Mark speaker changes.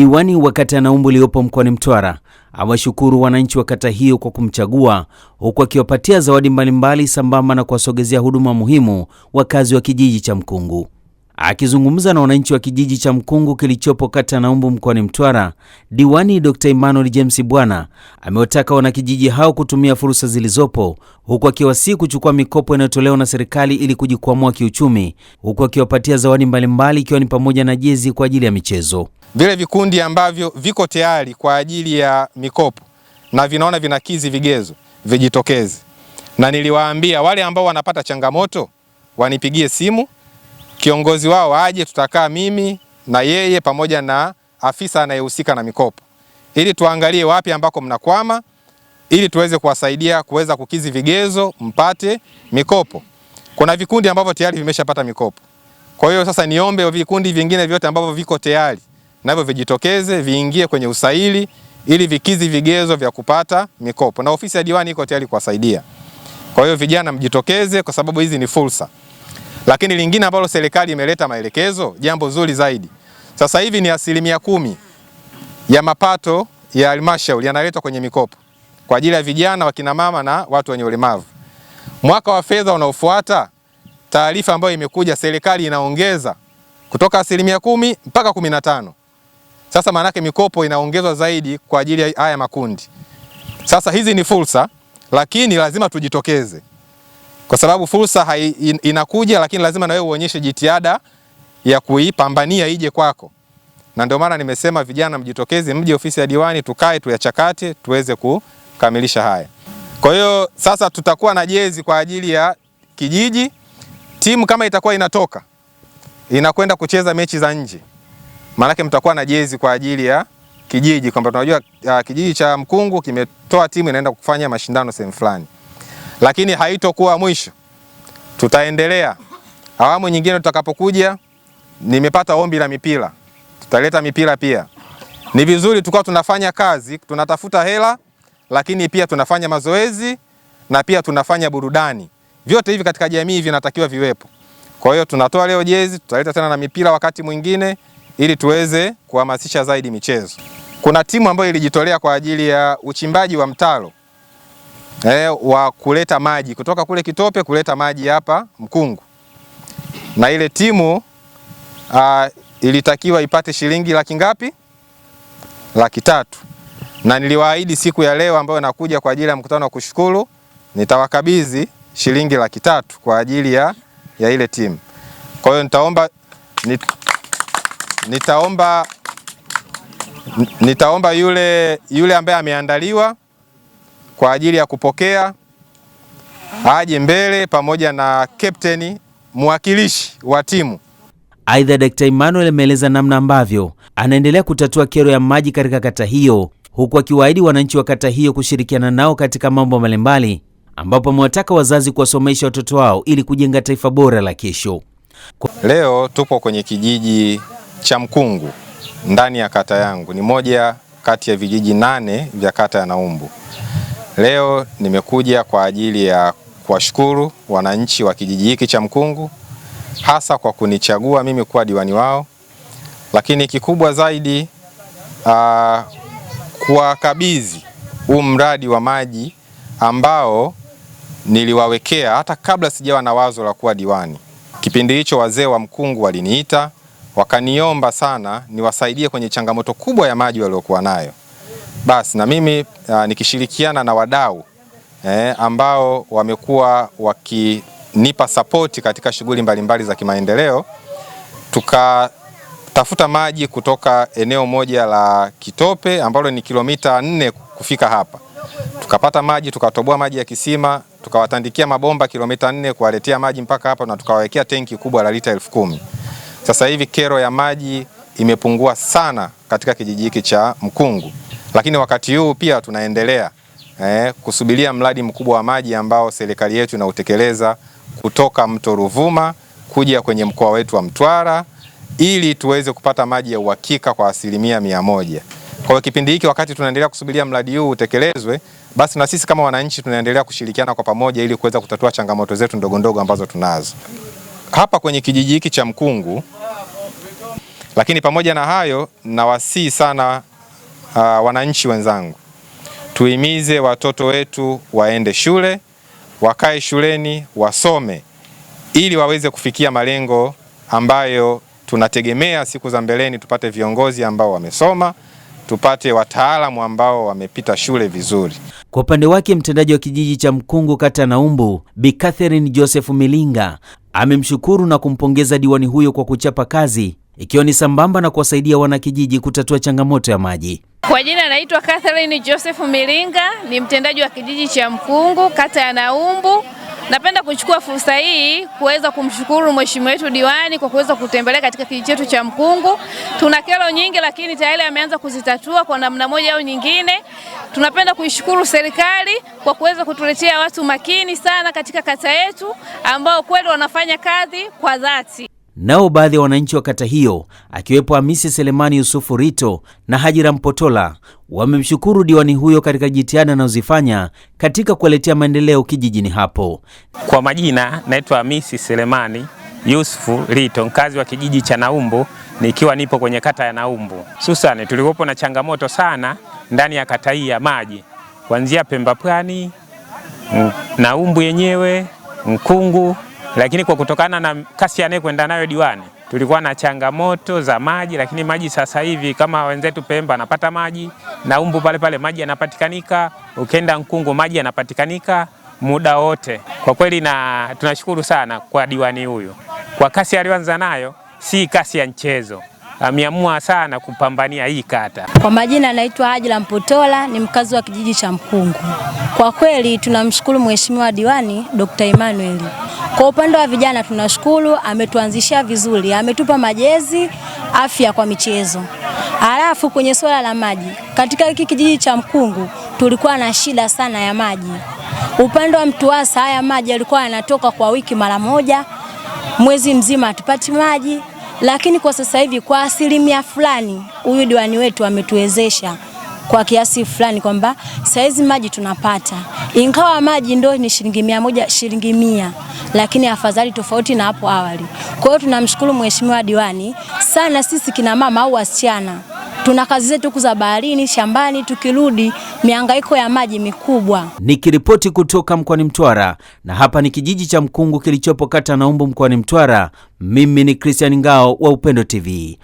Speaker 1: Diwani wa kata ya Naumbu iliyopo mkoani Mtwara awashukuru wananchi wa kata hiyo kwa kumchagua huku akiwapatia zawadi mbalimbali sambamba na kuwasogezea huduma muhimu wakazi wa kijiji cha Mkungu. Akizungumza na wananchi wa kijiji cha Mkungu kilichopo kata ya Naumbu mkoani Mtwara, diwani Dr. Emmanuel James Bwana amewataka wanakijiji hao kutumia fursa zilizopo, huku akiwasihi kuchukua mikopo inayotolewa na serikali ili kujikwamua kiuchumi, huku akiwapatia zawadi mbalimbali ikiwa ni pamoja na jezi kwa ajili ya michezo.
Speaker 2: Vile vikundi ambavyo viko tayari kwa ajili ya mikopo na vinaona vinakizi vigezo vijitokeze, na niliwaambia wale ambao wanapata changamoto wanipigie simu kiongozi wao aje, tutakaa mimi na yeye pamoja na afisa anayehusika na mikopo ili tuangalie wapi ambako mnakwama ili tuweze kuwasaidia kuweza kukizi vigezo mpate mikopo. Kuna vikundi ambavyo tayari vimeshapata mikopo. Kwa hiyo sasa niombe vikundi vingine vyote ambavyo viko tayari navyo vijitokeze viingie kwenye usaili ili vikizi vigezo vya kupata mikopo, na ofisi ya diwani iko tayari kuwasaidia. Kwa hiyo vijana mjitokeze, kwa sababu hizi ni fursa. Lakini lingine ambalo serikali imeleta maelekezo, jambo zuri zaidi, sasa hivi ni asilimia kumi ya mapato ya halmashauri yanaletwa kwenye mikopo kwa ajili ya vijana, wakinamama na watu wenye ulemavu. Mwaka wa fedha unaofuata, taarifa ambayo imekuja, serikali inaongeza kutoka asilimia kumi mpaka kumi na tano. Sasa maanake mikopo inaongezwa zaidi kwa ajili ya haya makundi. Sasa hizi ni fursa, lakini lazima tujitokeze kwa sababu fursa hai, in, inakuja lakini lazima na wewe uonyeshe jitihada ya kuipambania ije kwako, na ndio maana nimesema vijana mjitokeze, mje ofisi ya diwani, tukae tuyachakate, tuweze kukamilisha haya. Kwa hiyo sasa tutakuwa na jezi kwa ajili ya kijiji. Timu kama itakuwa inatoka inakwenda kucheza mechi za nje, maanake mtakuwa na jezi kwa ajili ya kijiji, kwamba tunajua ah, kijiji cha Mkungu kimetoa timu inaenda kufanya mashindano sehemu fulani lakini haitokuwa mwisho, tutaendelea awamu nyingine tutakapokuja. Nimepata ombi la mipira, tutaleta mipira pia. Ni vizuri tukawa tunafanya kazi, tunatafuta hela, lakini pia tunafanya mazoezi na pia tunafanya burudani. Vyote hivi katika jamii vinatakiwa viwepo. Kwa hiyo tunatoa leo jezi, tutaleta tena na mipira wakati mwingine, ili tuweze kuhamasisha zaidi michezo. Kuna timu ambayo ilijitolea kwa ajili ya uchimbaji wa mtaro eh, wa kuleta maji kutoka kule Kitope kuleta maji hapa Mkungu, na ile timu uh, ilitakiwa ipate shilingi laki ngapi? Laki tatu. Na niliwaahidi siku ya leo ambayo nakuja kwa ajili ya mkutano wa kushukuru nitawakabidhi shilingi laki tatu kwa ajili ya, ya ile timu. Kwa hiyo nitaomba nit, nitaomba nitaomba yule, yule ambaye ameandaliwa kwa ajili ya kupokea aje mbele pamoja na kapteni mwakilishi wa timu.
Speaker 1: Aidha, Dkt. Emmanuel ameeleza namna ambavyo anaendelea kutatua kero ya maji katika kata hiyo huku akiwaahidi wananchi wa kata hiyo kushirikiana nao katika mambo mbalimbali, ambapo amewataka wazazi kuwasomesha watoto wao ili kujenga taifa bora la kesho.
Speaker 2: Leo tupo kwenye kijiji cha Mkungu ndani ya kata yangu, ni moja kati ya vijiji nane vya kata ya Naumbu. Leo nimekuja kwa ajili ya kuwashukuru wananchi wa kijiji hiki cha Mkungu hasa kwa kunichagua mimi kuwa diwani wao, lakini kikubwa zaidi uh, kuwakabidhi huu mradi wa maji ambao niliwawekea hata kabla sijawa na wazo la kuwa diwani. Kipindi hicho wazee wa Mkungu waliniita wakaniomba sana niwasaidie kwenye changamoto kubwa ya maji waliokuwa nayo basi na mimi uh, nikishirikiana na wadau eh, ambao wamekuwa wakinipa sapoti katika shughuli mbalimbali za kimaendeleo, tukatafuta maji kutoka eneo moja la Kitope ambalo ni kilomita nne kufika hapa, tukapata maji, tukatoboa maji ya kisima, tukawatandikia mabomba kilomita nne kuwaletea maji mpaka hapa, na tukawawekea tenki kubwa la lita elfu kumi. Sasa hivi kero ya maji imepungua sana katika kijiji hiki cha Mkungu. Lakini wakati huu pia tunaendelea eh, kusubiria mradi mkubwa wa maji ambao serikali yetu inautekeleza kutoka mto Ruvuma kuja kwenye mkoa wetu wa Mtwara ili tuweze kupata maji ya uhakika kwa asilimia mia moja. Kwa hiyo kipindi hiki wakati tunaendelea kusubiria mradi huu utekelezwe, basi na sisi kama wananchi tunaendelea kushirikiana kwa pamoja ili kuweza kutatua changamoto zetu ndogo ndogo ambazo tunazo hapa kwenye kijiji hiki cha Mkungu. Lakini pamoja na hayo, nawasihi sana uh, wananchi wenzangu, tuhimize watoto wetu waende shule, wakae shuleni, wasome ili waweze kufikia malengo ambayo tunategemea siku za mbeleni, tupate viongozi ambao wamesoma, tupate wataalamu ambao wamepita shule vizuri.
Speaker 1: Kwa upande wake, mtendaji wa kijiji cha Mkungu kata Naumbu, Bi Catherine Joseph Milinga amemshukuru na kumpongeza diwani huyo kwa kuchapa kazi ikiwa ni sambamba na kuwasaidia wanakijiji kutatua changamoto ya maji.
Speaker 3: Kwa jina anaitwa Catherine Joseph Milinga, ni mtendaji wa kijiji cha Mkungu, kata ya Naumbu. Napenda kuchukua fursa hii kuweza kumshukuru mheshimiwa wetu diwani kwa kuweza kutembelea katika kijiji chetu cha Mkungu. Tuna kero nyingi, lakini tayari ameanza kuzitatua kwa namna moja au nyingine. Tunapenda kuishukuru serikali kwa kuweza kutuletea watu makini sana katika kata yetu ambao kweli wanafanya kazi kwa dhati.
Speaker 1: Nao baadhi ya wananchi wa kata hiyo akiwepo Hamisi Selemani Yusufu Rito na Hajira Mpotola wamemshukuru diwani huyo katika jitihada anazozifanya katika kuwaletea maendeleo kijijini hapo.
Speaker 2: Kwa majina naitwa Hamisi Selemani Yusufu Rito, mkazi wa kijiji cha Naumbu, nikiwa nipo kwenye kata ya Naumbu. hususani tulikuwepo na changamoto sana ndani ya kata hii ya maji, kuanzia Pemba Pwani, Naumbu yenyewe, Mkungu lakini kwa kutokana na kasi anayekwenda nayo diwani tulikuwa na changamoto za maji, lakini maji sasa hivi kama wenzetu Pemba anapata maji na Umbu pale pale maji yanapatikanika, ukenda Nkungu maji yanapatikanika muda wote. Kwa kweli na tunashukuru sana kwa diwani huyu kwa kasi aliyoanza nayo, si kasi ya mchezo. Ameamua sana kupambania hii kata.
Speaker 4: Kwa majina anaitwa Ajila Mpotola, ni mkazi wa kijiji cha Mkungu. Kwa kweli tunamshukuru Mheshimiwa Diwani Dr. Emmanuel kwa upande wa vijana tunashukuru, ametuanzishia vizuri, ametupa majezi, afya kwa michezo. Halafu kwenye swala la maji, katika hiki kijiji cha Mkungu tulikuwa na shida sana ya maji. Upande wa Mtuwasa haya maji yalikuwa yanatoka kwa wiki mara moja, mwezi mzima hatupati maji, lakini kwa sasa hivi kwa asilimia fulani huyu diwani wetu ametuwezesha kwa kiasi fulani kwamba saizi maji tunapata, ingawa maji ndo ni shilingi mia moja, shilingi mia, lakini afadhali tofauti na hapo awali. Kwa hiyo tunamshukuru mheshimiwa diwani sana. Sisi kina mama au wasichana tuna kazi zetu huku za baharini, shambani, tukirudi mihangaiko ya maji mikubwa.
Speaker 1: Nikiripoti kutoka mkoani Mtwara, na hapa ni kijiji cha Mkungu kilichopo kata Naumbu mkoani Mtwara. Mimi ni Christian Ngao wa Upendo TV.